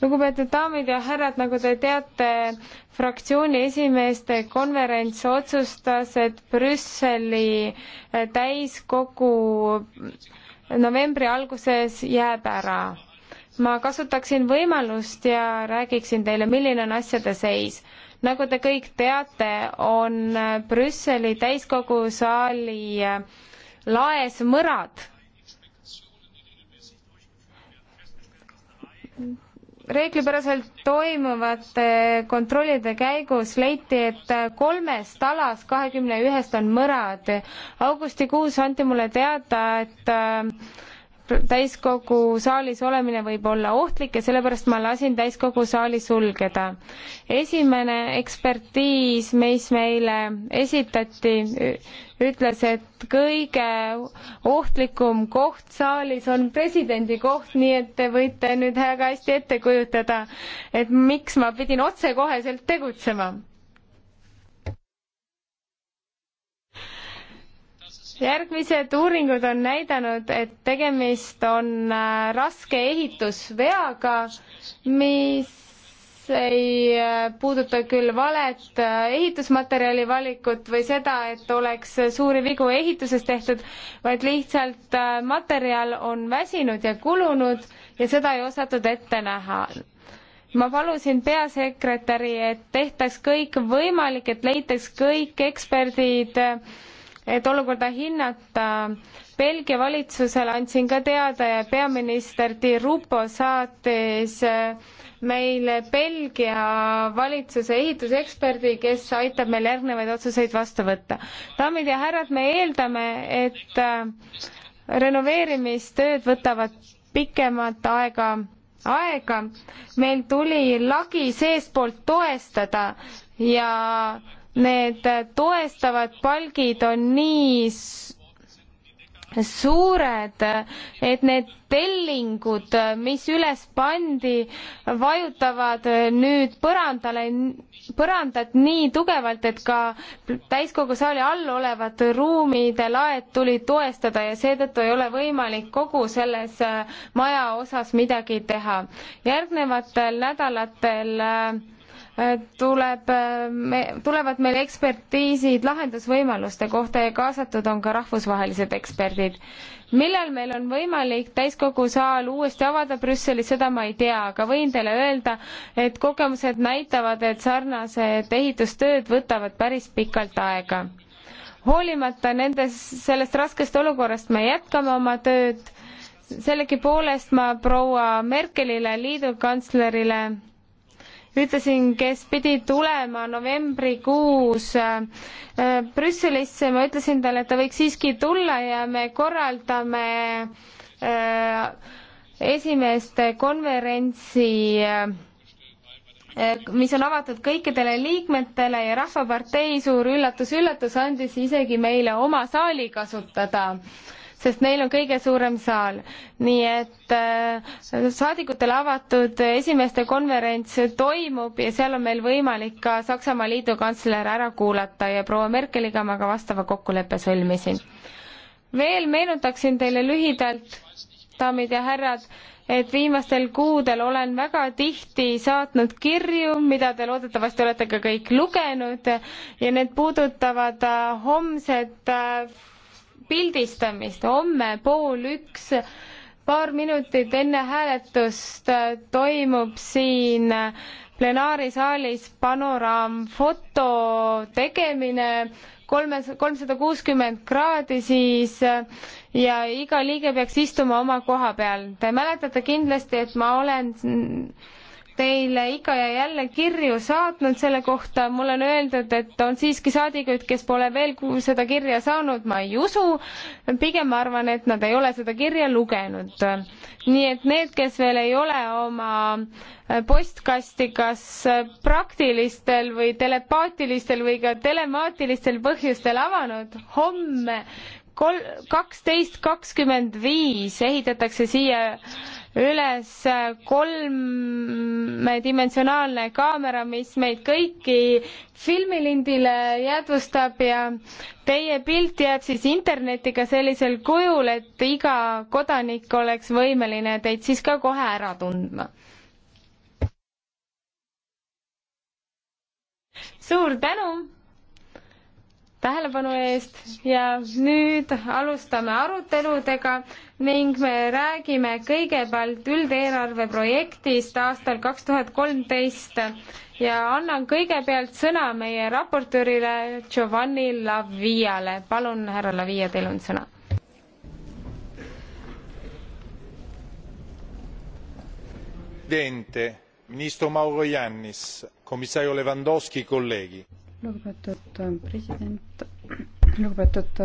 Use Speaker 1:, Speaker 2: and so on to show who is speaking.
Speaker 1: lugupeetud daamid ja härrad, nagu te teate, fraktsiooni esimeeste konverents otsustas, et Brüsseli eh, täiskogu eh, novembri alguses jääb ära. ma kasutaksin võimalust ja räägiksin teile, milline on asjade seis nagu te kõik teate, on eh, Brüsseli täiskogu saali laes mõrad reeglipäraselt toimuvate kontrollide käigus leiti, et kolmest alast kahekümne ühest on mõrad. augustikuus anti mulle teada, et äh, täiskogu saalis olemine võib olla ohtlik ja sellepärast ma lasin täiskogu saali sulgeda. esimene ekspertiis, mis meile esitati, ütles, et kõige ohtlikum koht saalis on presidendi koht, nii et te võite nüüd väga hästi ette kujutada, et miks ma pidin otsekoheselt tegutsema järgmised uuringud on näidanud, et tegemist on äh, raske ehitusveaga, mis ei äh, puuduta küll valet äh, ehitusmaterjali valikut või seda, et oleks suuri vigu ehituses tehtud, vaid lihtsalt materjal on väsinud ja kulunud ja seda ei osatud ette näha ma palusin peasekretäri, et tehtaks kõik võimalik, et leitaks kõik eksperdid äh, et olukorda hinnata. Belgia valitsusele andsin ka teada ja peaminister Di Rupo saatis äh, meile Belgia valitsuse ehituseksperdi, kes aitab meil järgnevaid otsuseid vastu võtta. daamid ja härrad, me eeldame, et äh, renoveerimistööd võtavad pikemat aega aega. meil tuli lagi seestpoolt toestada ja Need toestavad palgid on nii suured, et need tellingud, mis üles pandi, vajutavad nüüd põrandale, põrandat nii tugevalt, et ka täiskogu saali all olevad ruumide laed tulid toestada ja seetõttu ei ole võimalik kogu selles maja osas midagi teha. järgnevatel nädalatel äh, tuleb, tulevad meil ekspertiisid lahendusvõimaluste kohta ja kaasatud on ka rahvusvahelised eksperdid. millal meil on võimalik täiskogu saal uuesti avada Brüsselis, seda ma ei tea, aga võin teile öelda, et kogemused näitavad, et sarnased ehitustööd võtavad päris pikalt aega. hoolimata nendes, sellest raskest olukorrast me jätkame oma tööd, sellegipoolest ma proua Merkelile, liidukantslerile ütlesin, kes pidi tulema novembrikuus äh, Brüsselisse, ma ütlesin talle, et ta võiks siiski tulla ja me korraldame äh, esimeeste konverentsi äh, mis on avatud kõikidele liikmetele ja Rahvapartei suur üllatus-üllatus andis isegi meile oma saali kasutada sest neil on kõige suurem saal. nii et äh, saadikutele avatud esimeeste konverents toimub ja seal on meil võimalik ka Saksamaa liidukantsler ära kuulata ja proua Merkeliga ma ka vastava kokkuleppe sõlmisin. veel meenutaksin teile lühidalt, daamid ja härrad, et viimastel kuudel olen väga tihti saatnud kirju, mida te loodetavasti olete ka kõik lugenud ja need puudutavad äh, homset äh, pildistamist homme pool üks paar minutit enne hääletust äh, toimub siin äh, plenaarisaalis panoraamfoto tegemine kolmes, kolmsada kuuskümmend kraadi siis äh, ja iga liige peaks istuma oma koha peal. Te mäletate kindlasti, et ma olen teile ikka ja jälle kirju saatnud selle kohta, mulle on öeldud, et on siiski saadikuid, kes pole veel seda kirja saanud, ma ei usu, pigem ma arvan, et nad ei ole seda kirja lugenud. nii et need, kes veel ei ole oma äh, postkasti kas äh, praktilistel või telepaatilistel või ka telemaatilistel põhjustel avanud, homme kol-, kaksteist kakskümmend viis ehitatakse siia üles kolmedimensionaalne kaamera, mis meid kõiki filmilindile jäädvustab ja teie pilt jääb siis internetiga sellisel kujul, et iga kodanik oleks võimeline teid siis ka kohe ära tundma. suur tänu tähelepanu eest ja nüüd alustame aruteludega ning me räägime kõigepealt üldeelarve projektist aastal kaks tuhat kolmteist ja annan kõigepealt sõna meie raportöörile Giovanni Laviale. palun, härra Lavia, teil on sõna. presidente ministro mauro jannis commissario lewandowski colleghi lugupeetud äh, president, lugupeetud äh,